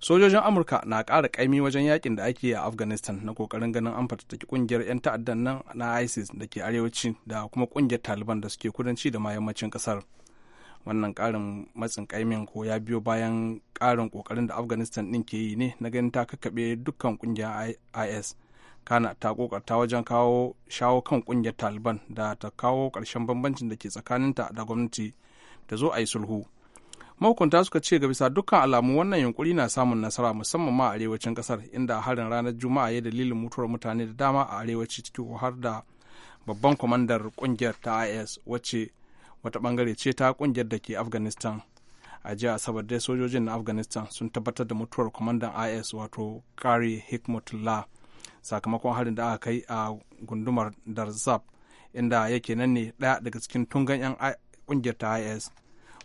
sojojin amurka na ƙara kaimi wajen yakin da ake yi a afghanistan na kokarin ganin an fatata ƙungiyar 'yan ta'addan nan na isis da ke arewaci da kuma ƙungiyar taliban da suke kudanci da ma ƙasar wannan karin matsin ƙaimin ko ya biyo bayan karin kokarin da afghanistan ɗin ke yi ne na ganin ta kakkaɓe dukkan ƙungiyar is kana ta kokarta wajen kawo shawo kan ƙungiyar taliban da ta kawo ƙarshen bambancin da ke tsakaninta da gwamnati da zo a yi sulhu mahukunta suka ce ga bisa dukkan alamu wannan yunkuri na samun nasara musamman ma a arewacin kasar inda harin ranar juma'a ya dalilin mutuwar mutane da dama a arewaci ciki har da babban kwamandar kungiyar ta is wacce wata bangare ce ta kungiyar da ke afghanistan a jiya asabar dai sojojin na afghanistan sun tabbatar da mutuwar kwamandan is wato kari hikmatullah sakamakon harin da aka kai a gundumar darzab inda yake nan ne daya daga cikin tungan yan kungiyar ta is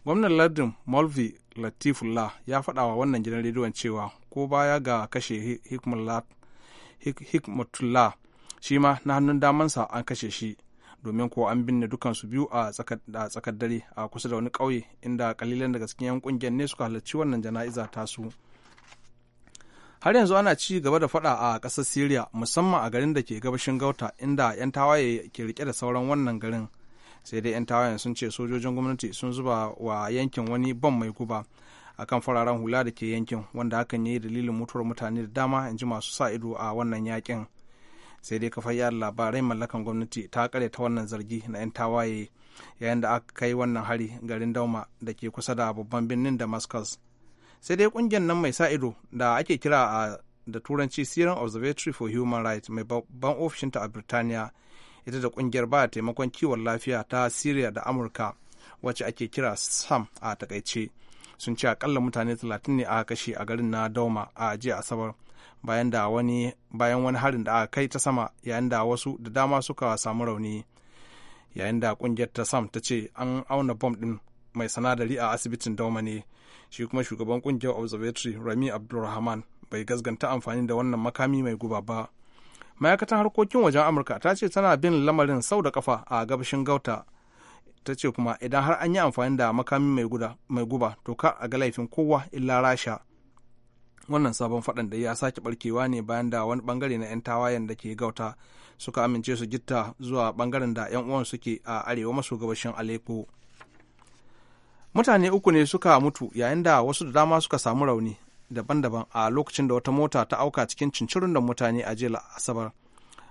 gwamnan lardin mulvi latifullah ya faɗa wa wannan gidan rediyon cewa ko baya ga kashe hikmatullah shi ma na hannun damansa an kashe shi domin ko an binne dukansu biyu a tsakar dare a kusa da wani ƙauye inda kalilan daga cikin yan kungiyar ne suka halarci wannan jana'iza su. har yanzu ana ci gaba da faɗa a ƙasar syria musamman a garin da ke gabashin gauta inda 'yan tawaye ke rike da sauran wannan garin sai dai 'yan tawayen sun ce sojojin gwamnati sun zuba wa yankin wani bam mai guba akan fararen hula da ke yankin wanda hakan ya yi dalilin mutuwar mutane da dama in ji masu sa ido a wannan yakin sai dai kafar yada labarai mallakan gwamnati ta kare ta wannan zargi na 'yan tawaye yayin da aka kai wannan hari garin dauma da ke kusa da babban birnin damascus sai dai kungiyar nan mai sa ido da ake kira a da turanci syrian observatory for human rights mai babban ofishinta a birtaniya ita da kungiyar ba taimakon kiwon lafiya ta syria da amurka wacce ake kira sam a takaice sun ce akalla mutane 30 ne aka kashe a garin na dauma a jiya asabar bayan da wani bayan wani harin da aka kai ta sama yayin da wasu da dama suka samu rauni yayin da kungiyar ta sam ta ce an auna bom din mai sanadari a asibitin dauma ne shi kuma shugaban kungiyar observatory rami abdulrahman bai gasganta amfani da wannan makami mai guba ba ma'aikatan harkokin wajen amurka ta ce tana bin lamarin sau da kafa a gabashin gauta ta ce kuma idan har an yi amfani da makami mai guba to ka a ga laifin kowa illa rasha wannan sabon faɗan da ya sake barkewa ne bayan da wani bangare na 'yan tawayen da ke gauta suka amince su gitta zuwa bangaren da 'yan uwan suke a arewa maso gabashin aleko mutane uku ne suka mutu yayin da wasu da dama suka samu rauni daban-daban a lokacin da wata mota ta auka cikin cincirin da mutane a jiya asabar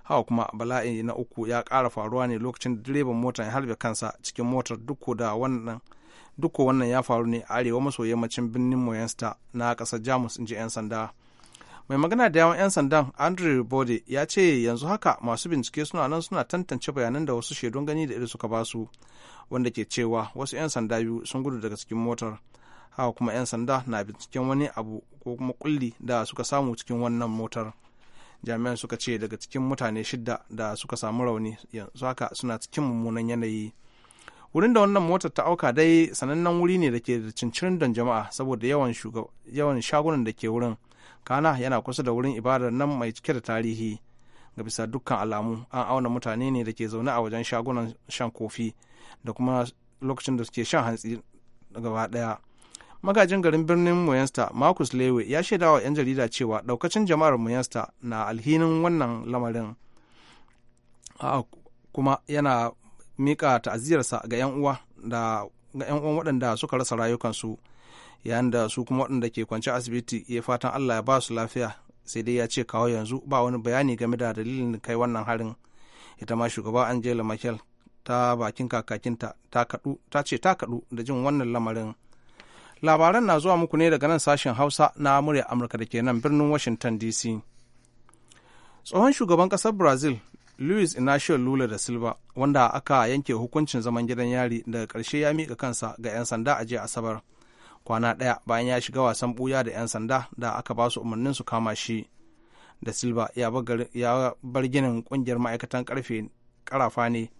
hawa kuma bala'i na uku ya kara faruwa ne lokacin da direban mota ya harbe kansa cikin motar duk da wannan duk wannan ya faru ne a arewa maso yammacin birnin moyensta na ƙasar jamus in ji 'yan sanda mai magana da yawan 'yan sandan andrew bode ya ce yanzu haka masu bincike suna nan suna tantance bayanan da wasu shaidun gani da iri suka basu wanda ke cewa wasu 'yan sanda biyu sun gudu daga cikin motar haka kuma 'yan sanda na binciken wani abu ko kuma kulli da suka samu cikin wannan motar jami'an suka ce daga cikin mutane shidda da suka samu rauni yanzu haka suna cikin mummunan yanayi wurin da wannan motar ta auka dai sanannen wuri ne da ke da cincirin don jama'a saboda yawan shagunan da ke wurin kana yana kusa da wurin ibadar nan mai cike da tarihi ga bisa dukkan alamu an auna mutane ne da ke zaune a wajen shagunan shan kofi da kuma lokacin da suke shan hantsi gaba daya magajin garin birnin Moyensta Marcus Lewe ya shaida wa 'yan jarida cewa daukacin jama'ar Moyensta na alhinin wannan lamarin kuma yana mika ta'aziyarsa ga 'yan uwa da ga 'yan uwan waɗanda suka rasa rayukansu yayin da su kuma waɗanda ke kwance asibiti ya fatan Allah ya ba su lafiya sai dai ya ce kawo yanzu ba wani bayani game da dalilin kai wannan harin ita ma shugaba Angela Merkel ta bakin kakakinta ta kaɗu ta ce ta kaɗu da jin wannan lamarin labaran na zuwa muku ne daga nan sashen hausa na murya amurka da ke nan birnin washington dc tsohon shugaban kasar brazil luis inacio lula da silva wanda aka yanke hukuncin zaman gidan yari daga karshe ya mika kansa ga 'yan sanda a jiya asabar kwana ɗaya bayan ya shiga wasan buya da 'yan sanda da aka ba su umarnin su kama shi da silva ya bar ginin kungiyar ma'aikatan karfe karafa ne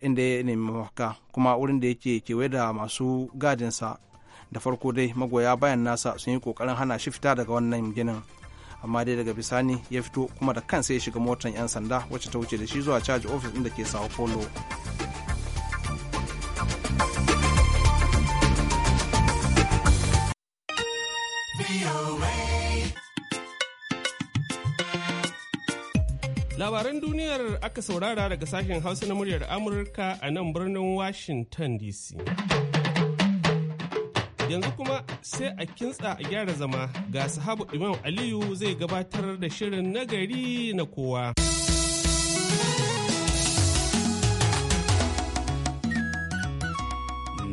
inda ya nemi mafaka kuma wurin da yake kewaye da masu gadinsa da farko dai magoya bayan nasa sun yi kokarin hana shi fita daga wannan ginin amma dai daga bisani ya fito kuma da kansa ya shiga motar 'yan sanda wacce ta wuce da shi zuwa caji ofis ɗin da ke sao paulo labaran duniyar aka saurara daga sashen hausa na muryar amurka a nan birnin washington dc Yanzu kuma sai a kintsa a gyara zama ga sahabu Imam Aliyu zai gabatar da shirin nagari na kowa.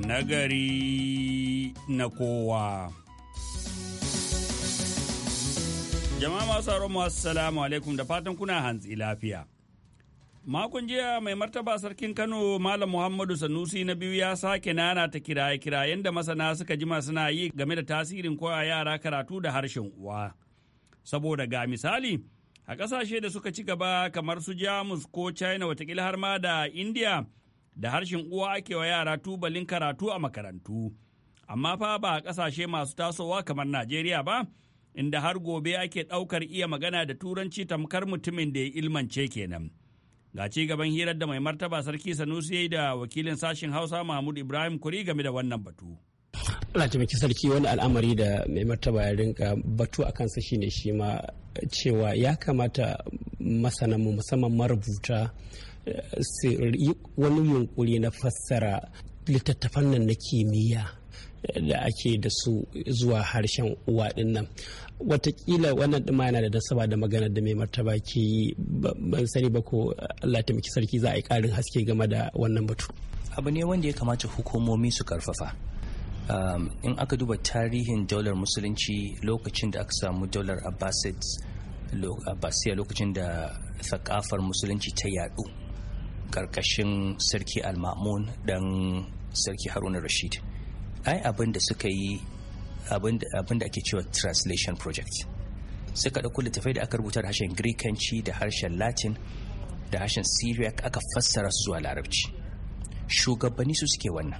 Nagari na kowa. Jama'a masu masu salamu alaikum da fatan kuna hantsi lafiya. Makon jiya mai martaba sarkin Kano Malam Muhammadu Sanusi na biyu ya sake nana ta kiraye-kirayen da masana suka jima suna yi game da tasirin koya yara karatu da harshen uwa. Saboda ga misali, a ƙasashe da suka ci gaba kamar su Jamus ko China watakila har ma da India da harshen uwa ake wa yara tubalin karatu a makarantu. Amma fa ba a ƙasashe masu tasowa kamar Najeriya ba, inda har gobe ake ɗaukar iya magana da turanci tamkar mutumin da ya ilmance kenan. Ga ci gaban hirar da mai martaba sarki Sanusi ya yi da wakilin sashen Hausa Mahmud Ibrahim Kuri game da wannan batu. ana taimaki sarki wani al'amari da mai martaba ya rinka batu a kansa shine shi ma cewa ya kamata masananmu musamman marubuta eh, su yi wani yunkuri na fassara littattafan nan na kimiyya da ake da su zuwa harshen uwa nan watakila wannan dima yana da nasaba da magana da mai martaba ke yi ban sani ba ko allah ta miki sarki za a yi karin haske game da wannan batu abu ne wanda ya kamata hukumomi su karfafa um, in aka duba tarihin daular musulunci lokacin da aka samu daular abbasiya lokacin da sakafar musulunci ta yadu karkashin sarki almamun mamun dan sarki haruna rashid ai abin da suka yi abin da ake cewa translation project suka ɗauko littafai da aka rubuta da harshen greekanci da harshen latin da harshen syriac aka fassara su zuwa larabci shugabanni su suke wannan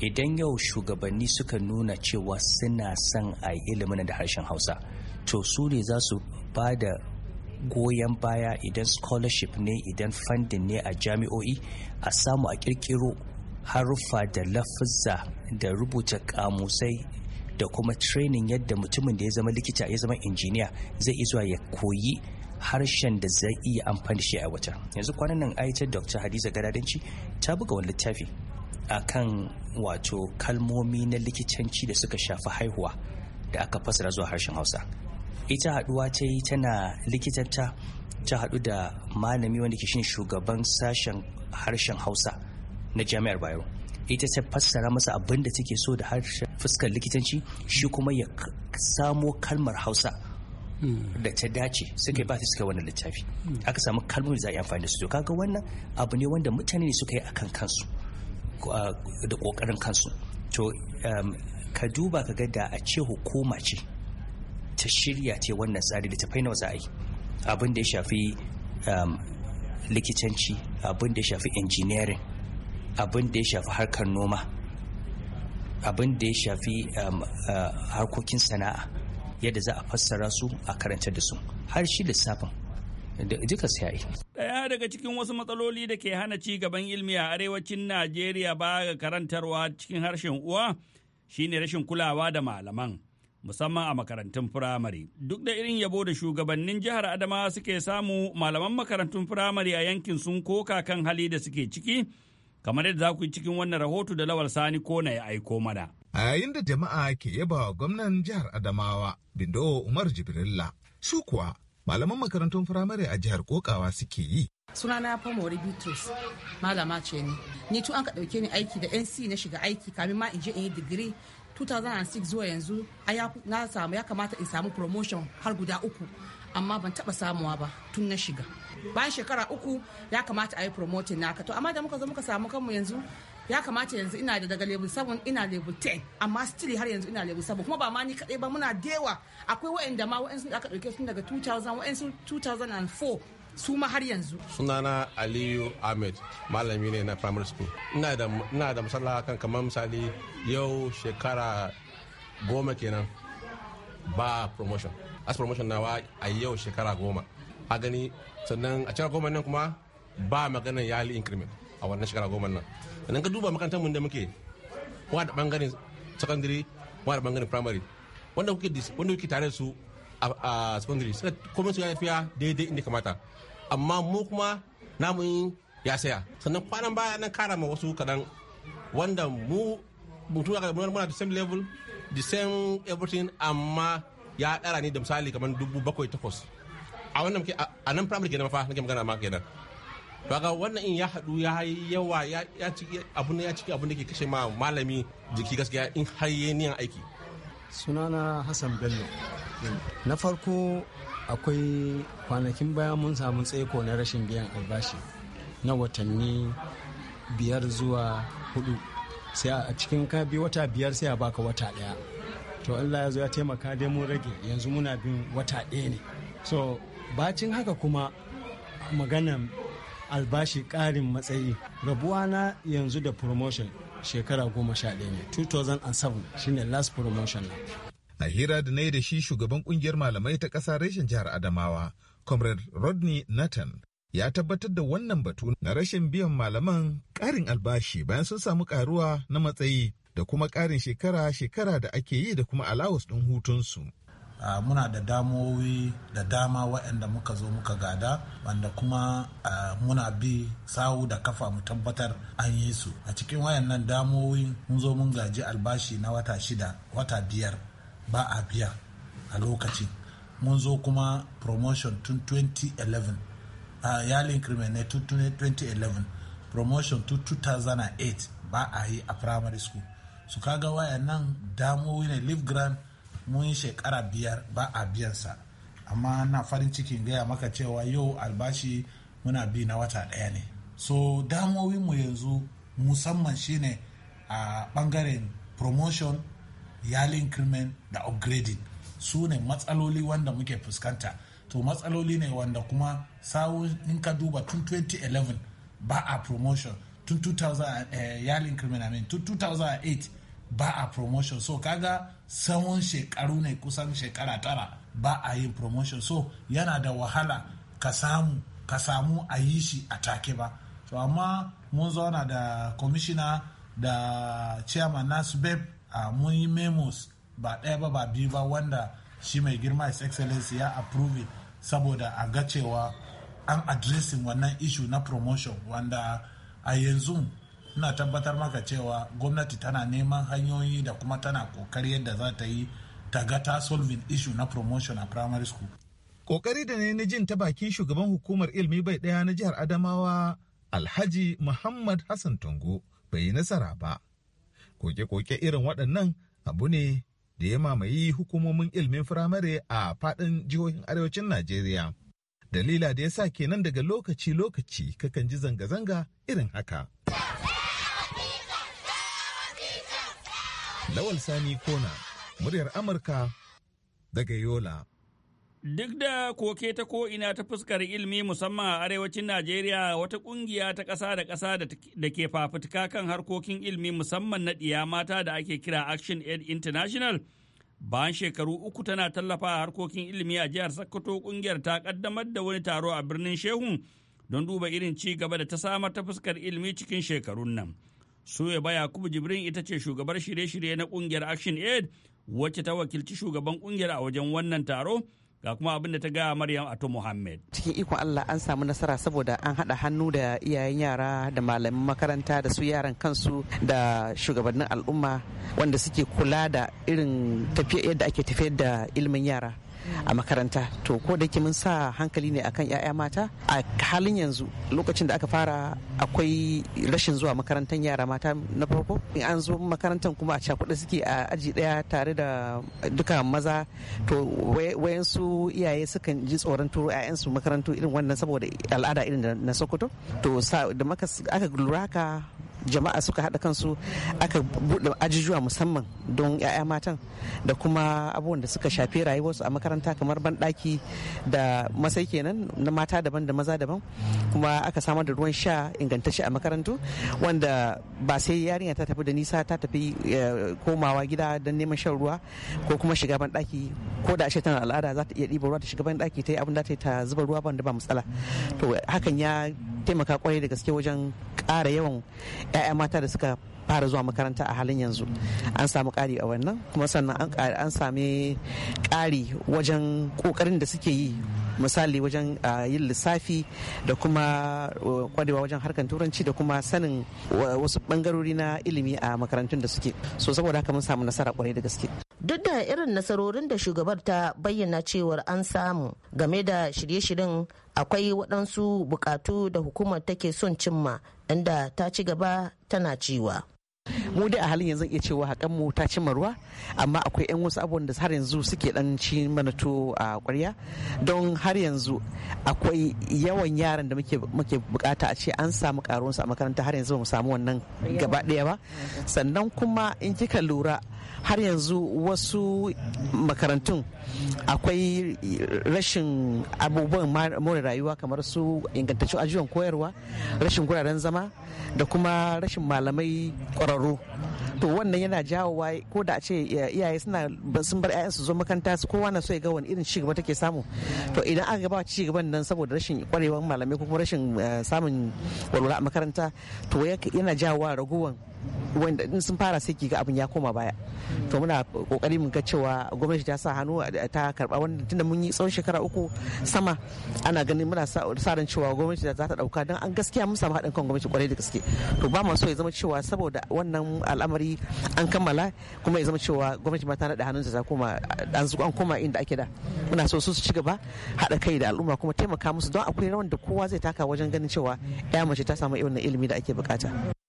idan yau shugabanni suka nuna cewa suna son a yi ilimin da harshen hausa to su ne za su ba da goyon baya idan scholarship ne idan funding ne a jami'o'i a samu a kirkiro haruffa da lafuzza da rubuta kamusai da kuma trenin yadda mutumin da ya zama likita ya zama injiniya zai zuwa ya koyi harshen da zai iya amfani shi a wata yanzu kwanan nan aita dr hadiza gadadanci ta buga wani littafi akan wato kalmomi na likitanci da suka shafi haihuwa da aka fasara zuwa harshen hausa ita haduwa ta yi tana likitanta ta haɗu da malami wanda ke shi shugaban sashen harshen hausa na jami'ar bayero ita ta fassara masa abin da take so da harshen fuskar likitanci shi kuma ya samo kalmar hausa da ta dace suka ba ta suka wannan littafi aka samu kalmomi za a yi amfani da su to kaga wannan abu ne wanda mutane ne suka yi akan kansu da kokarin kansu to um, ka duba ka ga da a ce hukuma ce ta shirya ce wannan tsari da ta faina za a abin da ya shafi um, likitanci abin da ya shafi injiniyarin. abin da ya shafi harkar noma abin da ya shafi um, uh, harkokin sana'a yadda za a fassara su a karanta da su har shi lissafin duka sai Daya daga cikin wasu matsaloli da ke hana ci gaban ilmi a arewacin Najeriya ba ga karantarwa cikin harshen uwa shine rashin kulawa da malaman. musamman a makarantun firamare. Duk da irin yabo da shugabannin jihar Adamawa suke samu malaman makarantun firamare a yankin sun koka kan hali da suke ciki kamar yadda za ku yi cikin wannan rahoto da Lawal Sani na ya aiko mana. A yayin da jama'a ke yaba wa gwamnan jihar Adamawa, Bindo Umar Jibrilla, su kuwa malaman makarantun firamare a jihar Kokawa suke yi. suna na fama wani Bitrus, malama ce ni. Ni tun an ka ɗauke ni aiki da NC na shiga aiki kamin ma in je in yi digiri 2006 zuwa yanzu na samu ya kamata in samu promotion har guda uku amma ban taba samuwa ba tun na shiga bayan shekara uku ya kamata a yi promoting naka to amma da muka zo muka samu kanmu yanzu ya kamata yanzu ina da daga level 7 ina level 10 amma still har yanzu ina level 7 kuma ba ma ni kadai ba muna dewa akwai wa'anda ma wa'ansu da aka dauke sun daga 2000 wa'ansu 2004 su ma har yanzu sunana aliyu ahmed malami ne na primary school ina da ina da misala kan kamar misali yau shekara goma kenan ba promotion as promotion nawa a yau shekara goma a gani sannan a shekara goma nan kuma ba maganar yali increment a wannan shekara goma nan sannan ka duba makarantar mun da muke wa da bangaren secondary wa da bangaren primary wanda kuke wanda kuke tare su a secondary suka komai su ya fiya daidai inda kamata amma mu kuma namu ya saya sannan kwanan baya nan kara ma wasu kadan wanda mu ya kada muna the same level the same everything amma ya ɗara ni da misali kamar dubu bakwai takwas a wannan a nan primary kenan fa nake magana ma kenan ga wannan in ya haɗu ya yi yawa ya ciki abun ya ciki abun da ke kashe ma malami jiki gaskiya in har yi niyan aiki sunana hassan bello na farko akwai kwanakin baya mun samu tsaiko na rashin biyan albashi na watanni biyar zuwa hudu sai a cikin ka bi wata biyar sai a baka wata daya to allah ya zo ya taimaka dai mun rage yanzu muna bin wata ɗaya ne so bacin haka kuma maganan albashi ƙarin matsayi rabuwa na yanzu da promotion shekara goma sha ɗaya ne 2007 shine last promotion na a hira da na yi da shi shugaban kungiyar malamai ta ƙasa reshen jihar adamawa comrade rodney nathan ya tabbatar da wannan batu na rashin biyan malaman ƙarin albashi bayan sun samu ƙaruwa na matsayi da kuma ƙarin shekara-shekara da ake yi da kuma alawus ɗin hutunsu. Uh, muna da damowi da dama waɗanda muka zo muka gada wanda kuma uh, muna bi sawu da kafa mu tabbatar an yi su a cikin wayannan damowi mun zo mun gaji albashi na wata shida wata biyar ba a biya a lokacin mun zo kuma promotion tun 2011 uh, yali increment ne tun 2011 promotion tun 2008 ba a yi a primary school su kaga nan damowi ne leaf grant mun shekara biyar ba a biyansa amma na farin cikin gaya maka cewa yau albashi muna bi na wata ɗaya ne so mu yanzu musamman shine a ɓangaren promotion yali increment da upgrading su ne matsaloli wanda muke fuskanta to matsaloli ne wanda kuma sawun in ka duba tun 2011 ba a promotion tun 2000 eh, ya increment I tun 2008 ba a promotion so kaga tsawon shekaru ne kusan shekara tara ba a yin promotion so yana da wahala ka samu ka samu a yi shi a take ba So amma mun zauna da commissioner da chairman nasu beb a mun yi memos ba ɗaya ba ba biyu ba wanda shi mai girma his excellence ya approve saboda a ga cewa an addressing wannan issue na promotion wanda a yanzu ina tabbatar maka cewa gwamnati tana neman hanyoyi da kuma tana kokari yadda za ta yi ta ga ta solving issue na promotion a primary school kokari da ne na jin ta bakin shugaban hukumar ilmi bai daya na jihar adamawa alhaji muhammad hassan tungo bai yi nasara ba koke-koke irin waɗannan abu ne da ya mamaye hukumomin ilmin firamare a faɗin jihohin arewacin najeriya Dalila da ya sa kenan daga lokaci-lokaci kakan ji zanga-zanga irin haka. Lawal Sani Kona, muryar Amurka daga Yola. Duk da koke ta ko'ina ta fuskar ilmi musamman a arewacin Najeriya wata ƙungiya ta ƙasa da ƙasa da ke fafutuka kan harkokin ilmi musamman na ɗiya mata da ake kira Action Aid International. Bayan shekaru uku tana tallafa a harkokin ilimi a jihar Sokoto kungiyar ta kaddamar da wani taro a birnin Shehu don duba irin ci gaba da ta samar ta fuskar ilimi cikin shekarun nan. Suya ba yakubu Jibrin ita ce shugabar shirye-shirye na kungiyar Action Aid wacce ta wakilci shugaban kungiyar a wajen wannan taro ga kuma abin da ta gaya Maryam Ato Muhammad. Cikin ikon Allah an samu nasara saboda an haɗa hannu da iyayen yara da malamin makaranta da su yaran kansu da shugabannin al'umma wanda suke kula da irin tafiyar yadda ake tafiyar da ilimin yara. a makaranta to ko da ke mun sa hankali ne akan 'ya'ya mata a halin yanzu lokacin da aka fara akwai rashin zuwa makarantar yara mata na farko in an zo makarantar kuma a cakuɗa suke a aji daya tare da duka maza to wayansu iyaye sukan ji tsoron turo su makarantu irin wannan saboda al'ada irin na sokoto to da aka lura ka jama'a suka haɗa kansu aka buɗe ajujuwa musamman don 'ya'ya matan da kuma abubuwan da suka shafi rayuwarsu a makaranta kamar banɗaki da masai kenan na mata daban da maza daban kuma aka samar da ruwan sha ingantacce a makarantu wanda ba sai yarinya ta tafi da nisa ta tafi eh, komawa gida don neman shan ruwa ko kuma shiga banɗaki ko da ashe tana al'ada za ta iya ɗiba ruwa ta shiga banɗaki ta yi abin da ta zuba ruwa ban da ba matsala to hakan ya taimaka kwarai da gaske wajen ƙara yawan 'ya'ya mata da suka fara zuwa makaranta a halin yanzu an samu ƙari a wannan kuma sannan an sami ƙari wajen ƙoƙarin da suke yi misali wajen yin lissafi da kuma kwadewa wajen harkar turanci da kuma sanin wasu bangarori na ilimi a makarantun da suke so saboda haka mun samu nasara kwarai da gaske duk da irin nasarorin da shugabar ta bayyana cewar an samu game da shirye-shiryen akwai waɗansu bukatu da hukumar take son cimma inda ta ci gaba tana ciwa. mu dai a halin yanzu iya cewa hakan mu ta cimma ruwa amma akwai yan wasu abubuwan da har yanzu suke dan ci mana to a ƙwarya don har yanzu akwai yawan yaran da muke bukata a ce an samu karuwansu a makaranta har yanzu ba mu samu wannan gaba ɗaya ba sannan kuma in kika lura har yanzu wasu makarantun akwai rashin abubuwan more rayuwa kamar su ingantaccen ajiyar koyarwa rashin guraren zama da kuma rashin malamai tsaro to wannan yana wai ko da a ce iyaye suna sun bar 'ya'yansu zo makaranta su kowa na so ya ga wani irin cigaba take samu to idan aka gaba cigaban nan saboda rashin kwarewar malamai ko kuma rashin eh, samun walwala a makaranta to yana wa raguwan wanda in sun fara sai ga abin ya koma baya to muna kokari mun ga cewa gwamnati ta sa hannu eh, ta karba wanda tunda mun yi tsawon shekara uku sama ana ganin muna sa ran cewa gwamnati za ta dauka don an gaskiya mun samu haɗin kan gwamnati kwarai da gaske to ba mu so ya zama cewa saboda wannan al'amari an kammala kuma ya zama cewa gwamnati ma ta naɗa hannunta ta koma an koma inda ake da muna so su ci gaba haɗa kai da al'umma kuma taimaka musu don akwai rawan da kowa zai taka wajen ganin cewa ya mace ta samu irin ilimi da ake bukata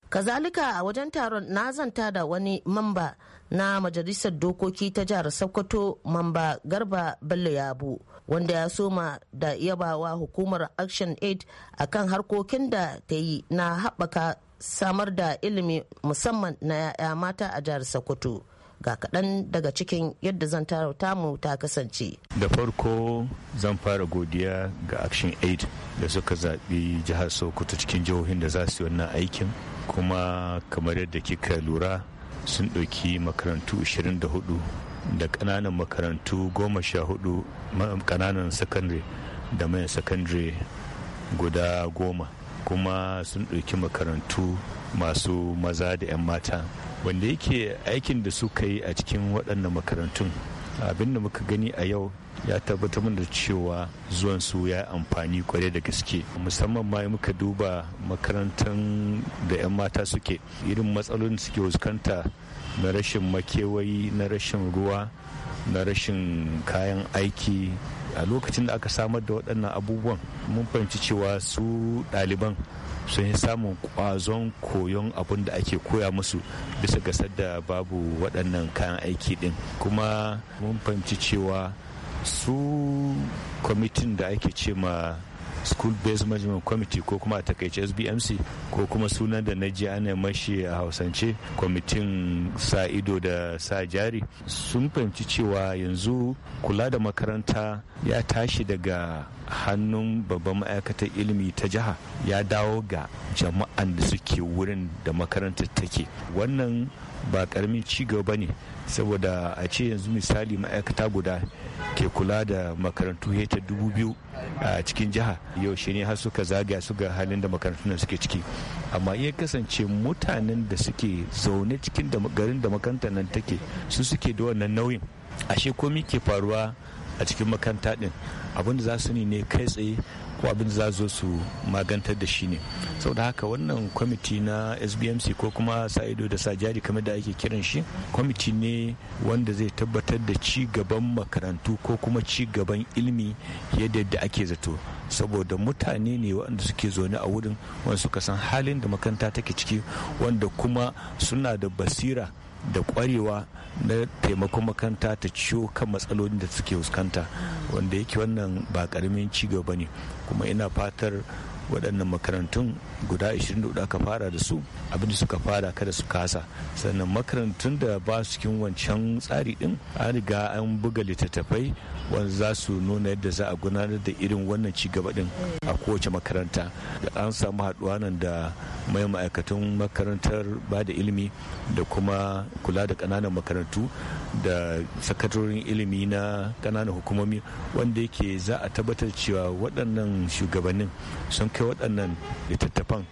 kazalika a wajen taron na zanta da wani mamba na majalisar dokoki ta jihar sokoto mamba garba bello yabo wanda ya soma da yabawa hukumar action aid akan harkokin da ta yi na haɓaka samar da ilimi musamman na 'ya'ya mata a jihar sokoto ga kaɗan daga cikin yadda zan tarauta mu ta kasance. Da farko zan fara godiya ga Action Aid da suka zaɓi jihar Sokoto cikin jihohin da za su yi wannan aikin kuma kamar yadda kika lura sun ɗauki makarantu 24 da ƙananan makarantu 14 ƙananan sakandare da mayan sakandare guda goma kuma sun ɗauki makarantu masu maza da 'yan mata wanda yake aikin da suka yi a cikin waɗannan makarantun abin da muka gani a yau ya tabbatar da cewa zuwan su ya amfani kwarai da gaske musamman ma muka duba makarantar da 'yan mata suke irin matsalolin suke fuskanta na rashin makewayi na rashin ruwa na rashin kayan aiki a lokacin da aka samar da waɗannan abubuwan mun fahimci cewa su ɗaliban sun yi samun ƙwazon koyon abin da ake koya musu bisa ga da babu waɗannan kayan aiki ɗin kuma mun fahimci cewa su kwamitin da ake ce ma school based management committee ko kuma a takaice sbmc ko kuma sunan da na ji ana mashi a hausance kwamitin sa ido da sa jari sun fahimci cewa yanzu kula da makaranta ya tashi daga hannun babban ma'aikatar ilimi ta jiha ya dawo ga jama'an da suke wurin da makarantar take wannan ba karamin ci gaba ne saboda a ce yanzu misali ma'aikata guda ke kula da makarantu heta dubu biyu a cikin jiha yaushe ne har suka zagaya su ga halin da makarantun suke ciki amma iya kasance mutanen da suke zaune cikin garin da makarantar nan take su suke da wannan nauyin ashe komi ke faruwa a cikin makaranta din abin da za su ne ne kai tsaye ko abin da za zo su magantar da shi ne saboda haka wannan kwamiti na sbmc ko kuma sa ido da sa jari kamar da ake kiran shi kwamiti ne wanda zai tabbatar da ci gaban makarantu ko kuma ci gaban ilimi yadda ake zato saboda mutane ne waɗanda suke zaune a wurin wanda suka san halin da makaranta take ciki wanda kuma suna da basira da kwarewa na taimakon makaranta ta ciwo kan matsalolin da suke fuskanta wanda yake wannan ba karamin cigaba ne kuma ina fatar waɗannan makarantun guda 24 aka fara da su abinda suka fara kada su kasa sannan makarantun da ba su cikin wancan tsari din an riga an buga littattafai wanda za su nuna yadda za a gudanar da irin wannan cigaba din a kowace makaranta da an samu haɗuwa nan da mai ma'aikatan makarantar ba da ilimi da kuma kula da kananan makarantu da sakatorin ilimi na kananan hukumomi wanda yake za a tabbatar cewa waɗannan shugabannin sun kai waɗannan littattafan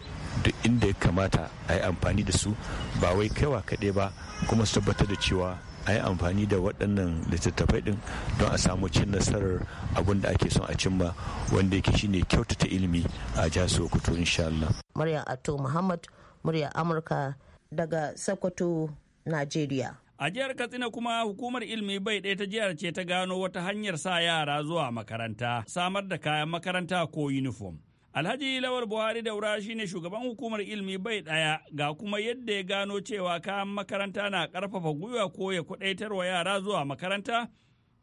duk inda ya kamata a yi amfani da su ba wai kaiwa kaɗai ba kuma su tabbatar da cewa a yi amfani da waɗannan littattafai ɗin don a samu cin nasarar abin da ake son a cimma wanda yake shine kyautata ilimi a jihar sokoto insha Allah. Maryam Ato Muhammad murya Amurka daga Sokoto, Najeriya. A jihar Katsina kuma hukumar ilimi bai ɗaya ta jihar ce ta gano wata hanyar sa yara zuwa makaranta, samar da kayan makaranta ko yunifom. Alhaji Lawal Buhari Daura ne shugaban hukumar ilimi bai ɗaya ga kuma yadda ya gano cewa kayan makaranta na ƙarfafa gwiwa ko ya kuɗaitarwa yara zuwa makaranta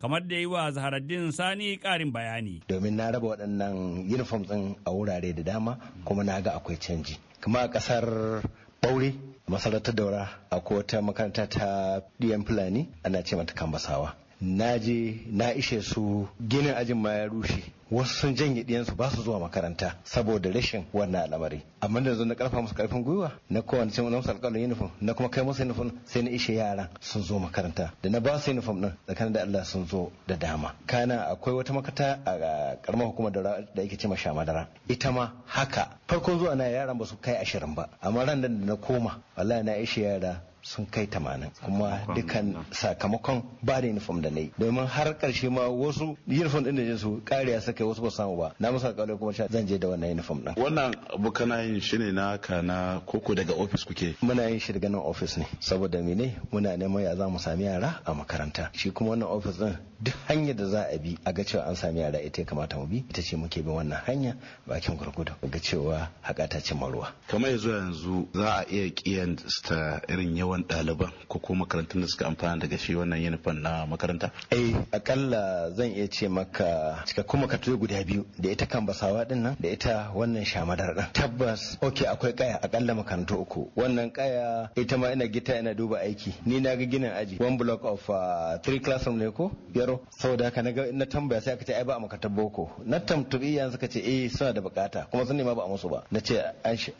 kamar da yi wa zaharaddin sani ƙarin bayani domin na raba waɗannan uniform ɗin a wurare da dama kuma na ga akwai canji kuma a ƙasar bauri masarautar daura akwai wata makaranta ta dm fulani ana ce mata kambasawa na je na ishe su ginin ajin ma ya rushe wasu sun janye ɗiyansu ba su zuwa makaranta saboda rashin wannan al'amari amma da yanzu na karfa musu karfin gwiwa na kowane cin na musu alƙalin uniform na kuma kai musu uniform sai na ishe yaran sun zo makaranta da na ba su uniform din tsakanin da Allah sun zo da dama kana akwai wata makata a karamar hukumar da da ake cema shamadara ita ma haka farkon zuwa na yaran ba su kai ashirin ba amma ran da na koma wallahi na ishe yara sun kai tamanin kuma dukan sakamakon ba da uniform da na domin har karshe ma wasu uniform din da su kariya saka wasu ba samu ba na musa kalai kuma sha zan je da wannan uniform din wannan abu kana yin shi ne na kana koko daga office kuke muna yin shi daga nan office ne saboda ne muna neman ya za mu sami yara a makaranta shi kuma wannan office din duk hanyar da za a bi a ga cewa an sami yara ita ya kamata mu bi ita ce muke bin wannan hanya bakin gurgudu ga cewa haka ta ci maruwa kamar yanzu yanzu za a iya kiyasta irin yawa yawan ɗaliban ko ko makarantun da suka amfana daga shi wannan yunifon na makaranta? Eh, akalla zan iya ce maka cika cikakkun makarantu guda biyu da ita basawa din nan da ita wannan shamadar din. Tabbas, ok akwai kaya akalla makarantu uku. Wannan kaya ita ma ina gita ina duba aiki. Ni na ga ginin aji one block of uh, three classroom ne ko? Yaro. Saboda haka na tambaya sai aka ce ai ba a makarantar boko. Na tamtubi yanzu suka ce eh suna da bukata kuma sun nema ba a musu ba. Na ce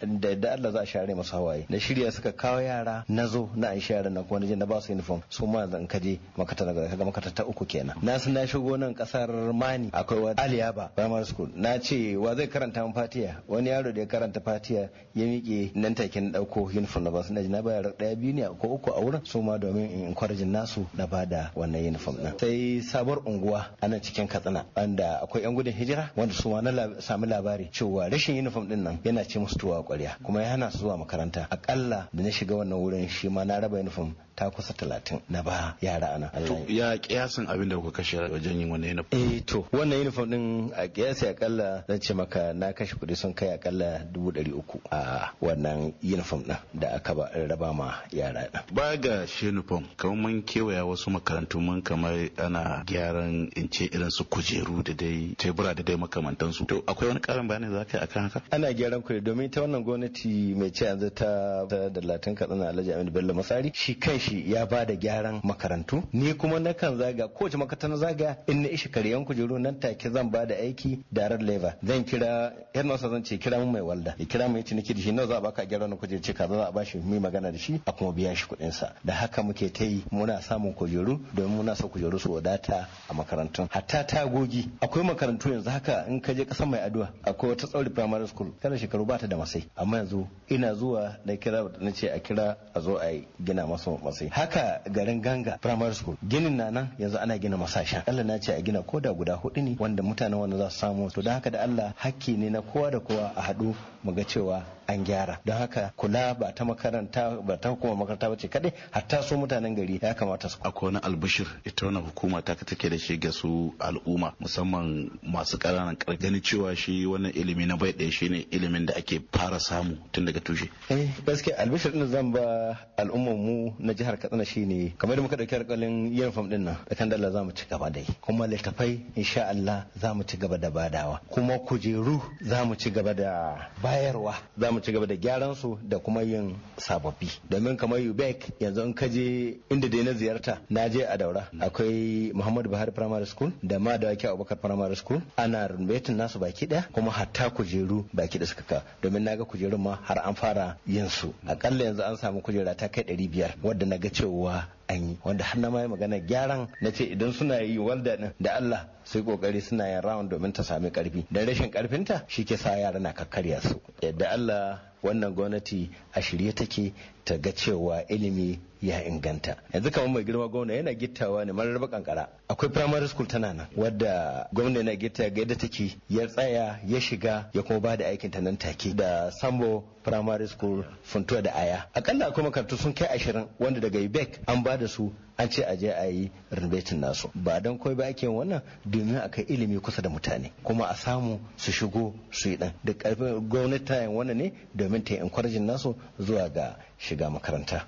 da Allah za a share masu hawaye. Na shirya suka kawo yara na zo yau na an share na kuma na ba su uniform su ma yanzu in ka je makata na kaga makata ta uku kenan na san na shigo nan kasar mani akwai wa aliyaba primary school na ce wa zai karanta min fatiya wani yaro da ya karanta fatiya ya miƙe nan take na dauko uniform na ba su na ji na bayar daya biyu ne ko uku a wurin su ma domin in encourage nasu na bada wannan uniform din sai sabuwar unguwa a nan cikin katsina wanda akwai yan gudun hijira wanda su ma na sami labari cewa rashin uniform din nan yana ce musu tuwa kwarya kuma ya hana su zuwa makaranta akalla da na shiga wannan wurin shi ma na raba uniform ta kusa talatin na ba yara ana. To ya kiyasin abin da kuka kashe wajen yin wannan uniform? Eh to wannan uniform din a kiyasi akalla zan ce maka na kashe kuɗi sun kai akalla dubu ɗari uku a wannan uniform din da aka raba ma yara din. Baya ga shi uniform kamar mun kewaya wasu makarantu mun kamar ana gyaran in ce irin su kujeru da dai tebura da dai makamantansu. To akwai wani karin bayani za ka yi akan haka? Ana gyaran kuɗi domin ta wannan gwamnati mai ce yanzu ta da latin katsina alhaji Aminu Bello Masari shi kan gwamnati ya ba da gyaran makarantu ni kuma na kan zaga kowace makaranta na zaga in na ishi karyan kujeru nan take zan ba da aiki da darar leva zan kira yan nasa zan ce kira mu mai walda ya kira mu ya ciniki da shi nawa za a baka gyaran na kujeru ce kaza za a bashi mu magana da shi a kuma biya shi kuɗin sa da haka muke ta yi muna samun kujeru domin muna sa kujeru su wadata a makarantun hatta tagogi akwai makarantu yanzu haka in ka je ƙasar mai adu'a. akwai wata tsauri primary school kana shekaru ba ta da masai amma yanzu ina zuwa na kira na ce a kira a zo a gina masu kwasai haka garin ganga primary school ginin na nan yanzu ana gina masasha Allah na ce a gina koda guda hudu ne wanda mutane wanda za su samu to da haka da Allah hakki ne na kowa da kowa a haɗu mu ga cewa an gyara don haka kula ba ta makaranta ba ta hukuma makaranta ba ce kadai hatta su mutanen gari ya kamata su akwai wani albishir ita wannan hukuma ta take da shi ga su al'umma musamman masu ƙananan gani cewa shi wannan ilimi na bai ɗaya shine ilimin da ake fara samu tun daga tushe eh gaskiya albishir din zan ba al'umman mu na jihar Katsina shine kamar da muka dauki alƙalin fam din nan da kan dalla za mu ci gaba da yi. kuma littafai insha Allah za mu ci gaba da badawa kuma kujeru za mu ci gaba da bayarwa za mu ci gaba da gyaran su da kuma yin sababbi domin kamar ubek yanzu in ka je inda dai na ziyarta na je a daura mm. akwai muhammadu buhari primary school da ma da wake abubakar primary school ana rumbetin nasu baki daya kuma hatta kujeru baki da suka ka domin na ga kujerun ma har an fara yin su mm. akalla yanzu an samu kujera ta kai ɗari biyar wadda na ga cewa an yi wanda har na ma magana gyaran na ce idan suna yi walda da Allah sai kokari suna yin rawan domin ta sami karfi da rashin karfinta shi ke sa yara na kakkarya su yadda Allah wannan gwamnati a shirye take ta ga cewa ilimi ya inganta yanzu kamar mai girma gwamna yana gittawa ne raba kankara akwai primary school tana nan wadda gwamna yana gitta ga yadda take ya tsaya ya shiga ya kuma bada aikin ta nan take da sambo primary school funtuwa da aya akalla akwai makarantu sun kai ashirin wanda daga ibek an ba da su an ce aje a yi rinbetin nasu ba don kawai ba ake wannan domin a kai ilimi kusa da mutane kuma a samu su shigo su yi dan da karfin gwamnati ta wannan ne domin ta yi encouraging nasu zuwa ga shiga makaranta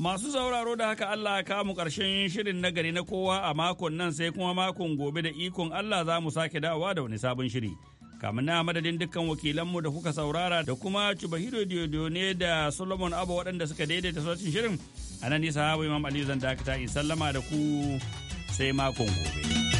Masu sauraro da haka Allah ya mu ƙarshen shirin na gari na kowa a makon nan sai kuma makon gobe da ikon Allah za mu sake dawowa da wani sabon shiri. Kamun na madadin dukkan wakilanmu da kuka saurara da kuma Cibahiro Diodio ne da Solomon Abu waɗanda suka daidaita sautin shirin. A nan nisa Imam Aliyu zan dakata in sallama da ku sai makon gobe.